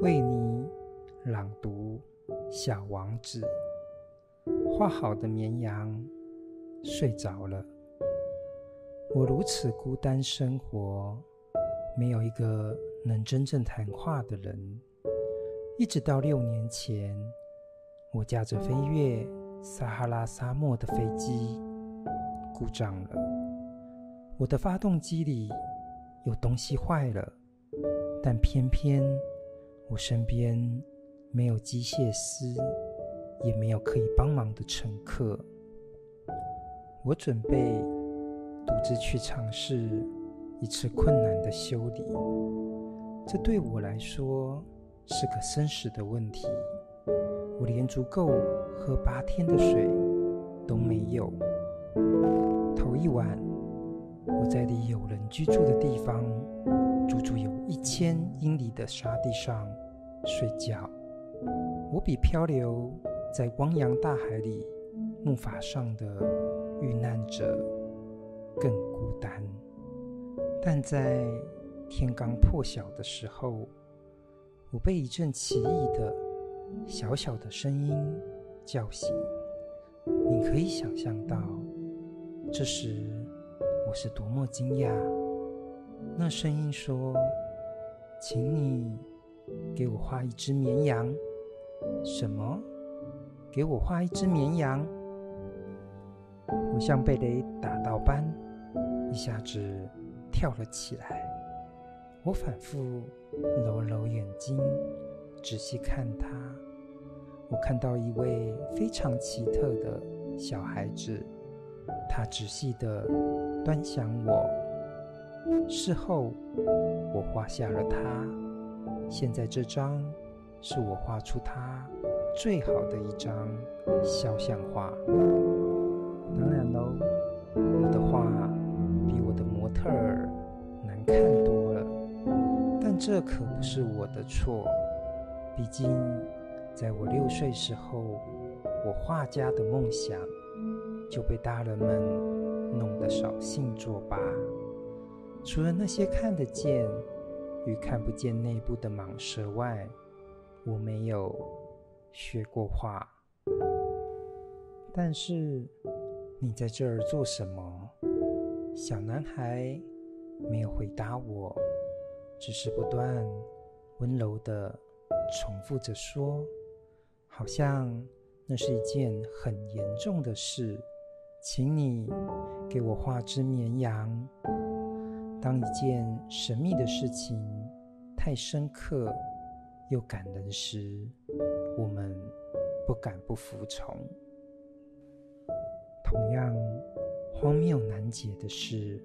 為你朗讀《小王子》。畫好的綿羊睡着了。我如此孤單生活，沒有一個能真正談話的人。一直到六年前，我駕着飛越撒哈拉沙漠的飛機，故障了。我的發動機裡有東西壞了，但偏偏。我身邊沒有機械師，也沒有可以幫忙的乘客。我準備獨自去嘗試一次困難的修理。這對我來說是個生死的問題。我連足夠喝八天的水都沒有。頭一晚，我在離有人居住的地方足足有一千英里的沙地上。睡覺，我比漂流在汪洋大海裡木筏上的遇難者更孤單。但在天剛破曉的時候，我被一陣奇異的小小的聲音叫醒。你可以想象到，這時我是多麼驚訝。那聲音說：“請你。”給我畫一隻綿羊。什麼？給我畫一隻綿羊。我像被雷打到般，一下子跳了起來。我反復揉揉眼睛，仔細看它。我看到一位非常奇特的小孩子，他仔細地端詳我。事後，我畫下了他。現在這張是我畫出他最好的一張肖像畫。當然嘍，我的畫比我的模特兒難看多了，但這可不是我的錯。畢竟在我六歲時候，我畫家的夢想就被大人們弄得掃興作罷。除了那些看得見。與看不見內部的蟒蛇外，我沒有學過畫。但是你在這兒做什麼？小男孩沒有回答我，只是不斷溫柔地重複着說，好像那是一件很嚴重的事。請你給我畫隻綿羊。當一件神秘的事情太深刻又感人時，我們不敢不服從。同樣荒謬難解的是，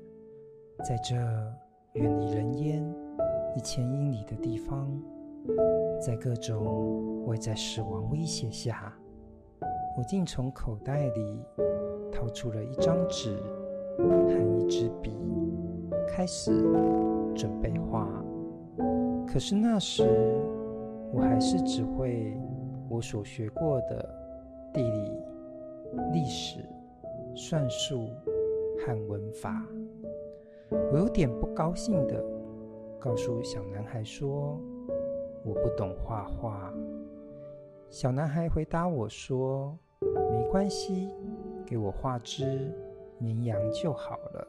在這遠離人煙一千英里的地方，在各種外在死亡威脅下，我竟從口袋裡掏出了一張紙和一支筆。開始準備畫，可是那時我還是只會我所學過的地理、歷史、算術和文法。我有點不高興地告訴小男孩說：“我不懂畫畫。”小男孩回答我說：“沒關係，給我畫隻綿羊就好了。”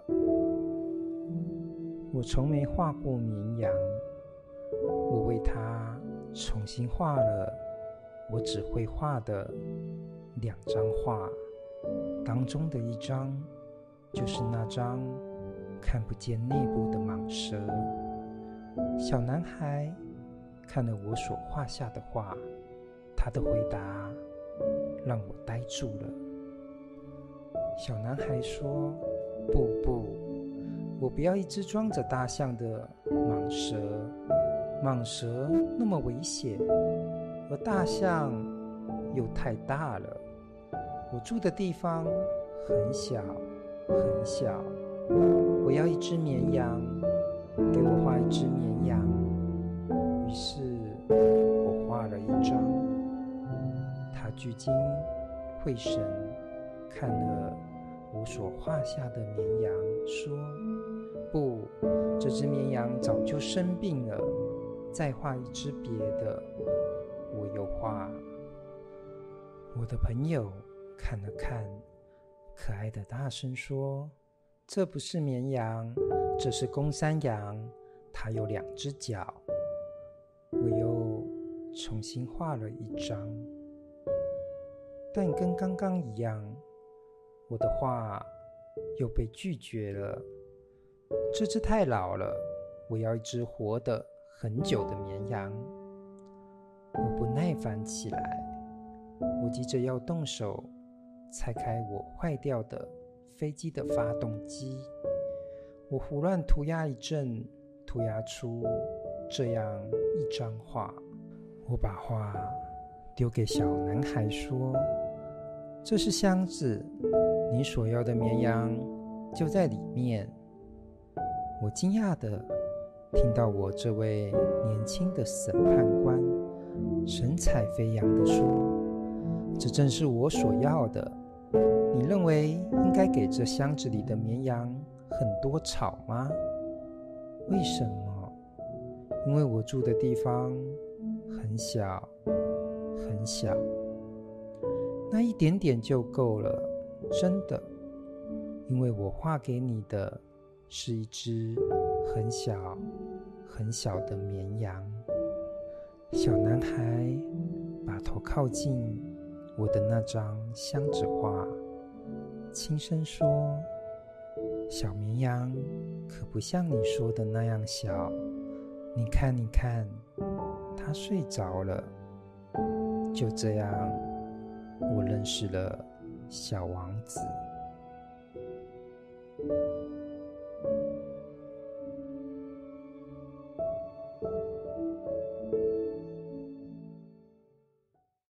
我從沒畫過綿羊，我為他重新畫了我只會畫的兩張畫，當中的一張就是那張看不見內部的蟒蛇。小男孩看了我所畫下的畫，他的回答讓我呆住了。小男孩說：“不，不。”我不要一隻裝着大象的蟒蛇，蟒蛇那麼危險，而大象又太大了。我住的地方很小很小，我要一隻綿羊，給我畫一隻綿羊。於是，我畫了一張，他聚精會神看了。我所畫下的綿羊說：“不，這隻綿羊早就生病了。再畫一隻別的。”我又畫。我的朋友看了看，可愛的大聲說：“這不是綿羊，這是公山羊，它有兩隻腳。”我又重新畫了一張，但跟剛剛一樣。我的畫又被拒絕了。這隻太老了，我要一隻活得很久的綿羊。我不耐煩起來，我急着要動手拆開我壞掉的飛機的發動機。我胡亂塗鴉一陣，塗鴉出這樣一張畫。我把畫丟給小男孩說：“這是箱子。”你所要的綿羊就在裡面。我驚訝地聽到我這位年輕的審判官神采飛揚的說：“這正是我所要的。你認為應該給這箱子裡的綿羊很多草嗎？為什麼？因為我住的地方很小，很小，那一點點就夠了。”真的，因為我畫給你的是一隻很小很小的綿羊。小男孩把頭靠近我的那張箱子畫，輕聲說：“小綿羊可不像你說的那樣小，你看，你看，它睡着了。”就這樣，我認識了《小王子》